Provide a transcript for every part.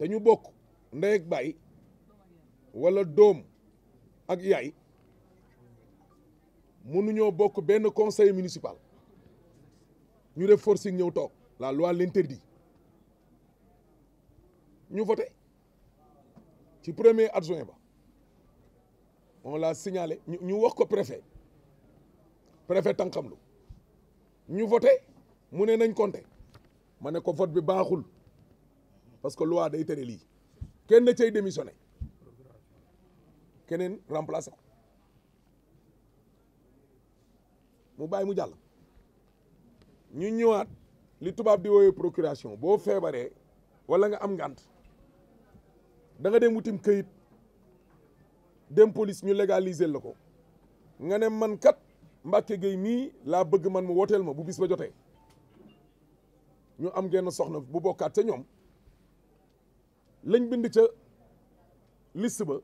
dañu bokk ndey ak baay wala doom ak yaay mënuñoo bokk benn conseil municipal ñu def forcing ñëw toog la loi l'interdit ñu voté ci premier adjoint ba on l'a signalé ñu wax ko préfet préfet tànqamlu ñu voté mu ne nañ compté ma ne ko vote bi baaxul parce que loi day tere lii kenn da cay démissionné keneen remplacé ko mu bàyyi mu jàll ñu ñëwaat li tubaab di wooyee procuration boo feebaree wala nga am ngànt danga nga mu wutim kayit dem police ñu légaliser la ko nga ne man kat Mbacke Gueye mii laa bëgg man mu woteel ma bu bis ba jotee ñu am genn soxna bu bokkaat ca ñoom lañ bind ca liste ba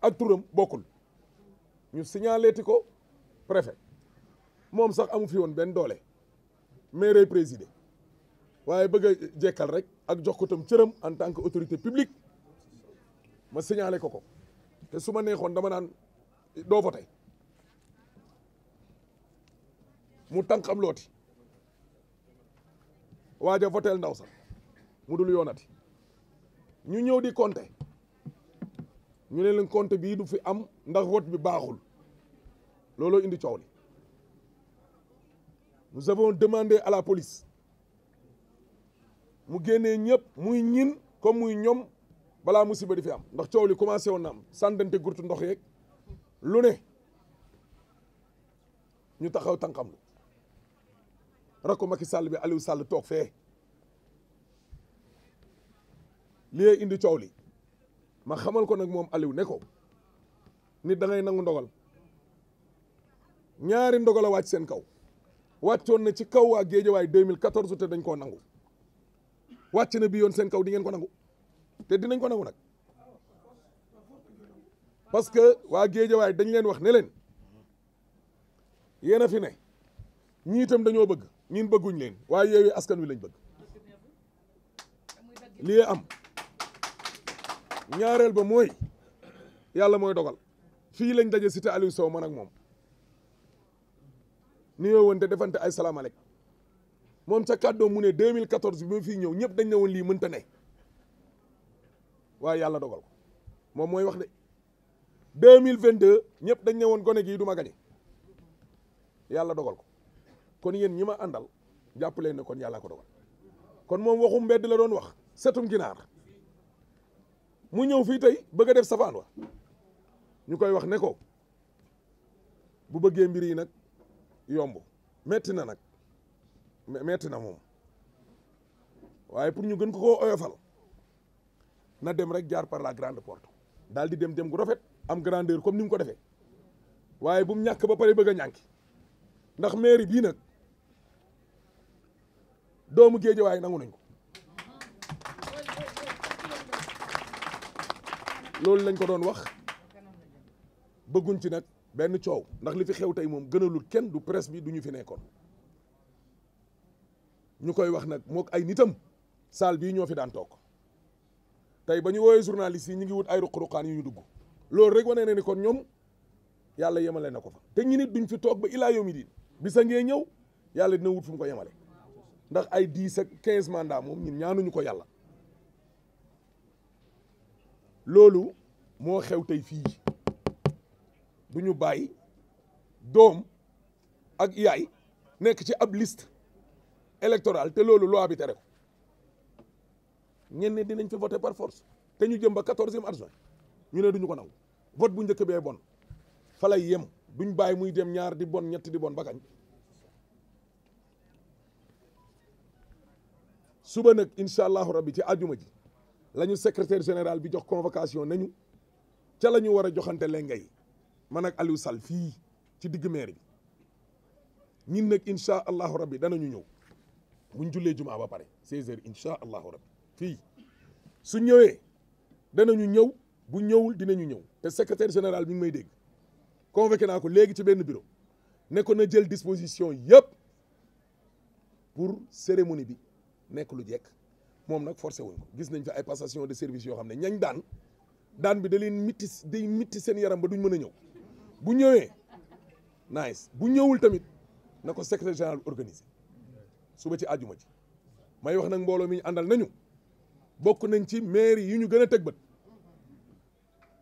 ak turam bokkul ñu signaleeti ko préfet moom sax amu fi woon benn doole maire présidé waaye bëgg a jekkal rek ak jox ko tam cëram en tant que autorité publique ma signalé ko ko te su ma neexoon dama naan doo voté mu tànk am looti waaja votel ndaw sax mu dul yoonati ñu ñëw di compter ñu ne leen compte bi du fi am ndax vote bi baaxul looloo indi ciowli nous avons demandé à la police mu génné ñëpp muy ñin comme muy ñom bala musiba di fi am ndax ciowli commencé woon na am sàndante gurtu ndox yeeg lu né ñu taxaw tankam lu rakko Macky bi Aliou Sall tok fee li indi coow li ma xamal ko nag moom Aliou ne ko nit da ngay nangu ndogal ñaari ndogal a wàcc seen kaw wàccoon na ci kaw waa Géejawaay 2014 te dañ koo nangu wàcc na bi yoon seen kaw di ko nangu te dinañ ko nangu nag parce que waa Géejawaay dañ leen wax ne leen yéen a fi ne ñii dañoo bëgg ñun bëgguñ leen waaye yooyu askan wi lañ bëgg lii am ñaareel ba mooy yàlla mooy dogal fii lañ daje cité Aliou Sow man ak moom ñoo woon te defante ay salaamaaleykum moom ca kàddoo mu ne 2014 bi ma fii ñëw ñëpp dañ ne woon lii mënta ne waaye yàlla dogal ko moom mooy wax de 2022 ñëpp dañ ne won gone gii du ma yàlla dogal ko kon yéen ñi ma àndal jàpp leen ne kon yàlla ko dogal kon moom waxu mbedd la doon wax setum ginaar mu ñëw fii tey bëgg a def safaan wa ñu koy wax ne ko bu bëggee mbir yi nag yomb metti na nag metti na moom waaye pour ñu gën ko koo oyofal na dem rek jaar par la grande porte daal di dem dem gu rafet am grandeur comme ni mu ko defee waaye bu mu ñàkk ba pare bëgg a ñànki ndax mairie bii nag doomu géejawaay nangu nañ ko loolu lañ ko doon wax bëgguñ ci nag benn coow ndax li fi xew tey moom gënalul kenn du presse bi du ñu fi nekkoon ñu koy wax nag mook ay nitam salle bii ñoo fi daan toog tey ba ñu woowee journaliste yi ñu ngi wut ay ruq-ruqaan yu ñu dugg loolu rek wane na ni kon ñoom yàlla yemale na ko fa te ñi nit duñ fi toog ba illaa yomi diin bi sa ngee ñëw yàlla dina wut fu ko yemale ndax ay dix ak quinze mandat moom ñun ñaanuñu ko yàlla loolu moo xew tey fii du ñu bàyyi doom ak yaay nekk ci ab liste électorale te loolu loi bi tere ko ñenn dinañ fi voter par force te ñu jëm ba quatorzième adjoint ñu ne duñu ko naw vote bu njëkk bee bon fala lay yem duñ bàyyi muy jëm ñaar di bon ñett di bon ba kañ suba nag incha allahu rabbi ci àjjuma ji la ñu secrétaire général bi jox convocation nañu ca la ñu war a joxante lengay man ak Aliou sal fii ci digg maire bi ñun nag incha allahu rabbi danañu ñëw buñ jullee jumaa ba pare 16h incha allahu rabbi fii su ñëwee ñu ñëw bu ñëwul dinañu ñëw te secretaire général bi ngi may dégg convoqué naa ko léegi ci benn bureau ne na jël disposition yëpp pour cérémonie bi nekk lu jekk moom nag forcé wuñ ko gis nañ fi ay passation de service yoo xam ne ñañ daan daan bi da leen mitti day mitti seen yaram ba duñ mën a ñëw bu ñëwee nice bu ñëwul tamit na ko secrétaire général organisé suba ci àjjuma ji may wax nag mbooloo mi ñu àndal nañu bokk nañ ci maire yi ñu gën a teg bët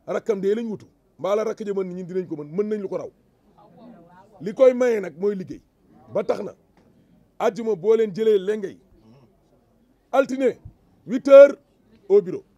rakkam dee lañ wutu mbaala rakk ja mën ñun dinañ ko mën mën nañ lu ko raw li koy maye nag mooy liggéey ba tax na àjjuma boo leen jëlee lengay Altine, 8 h au bureau.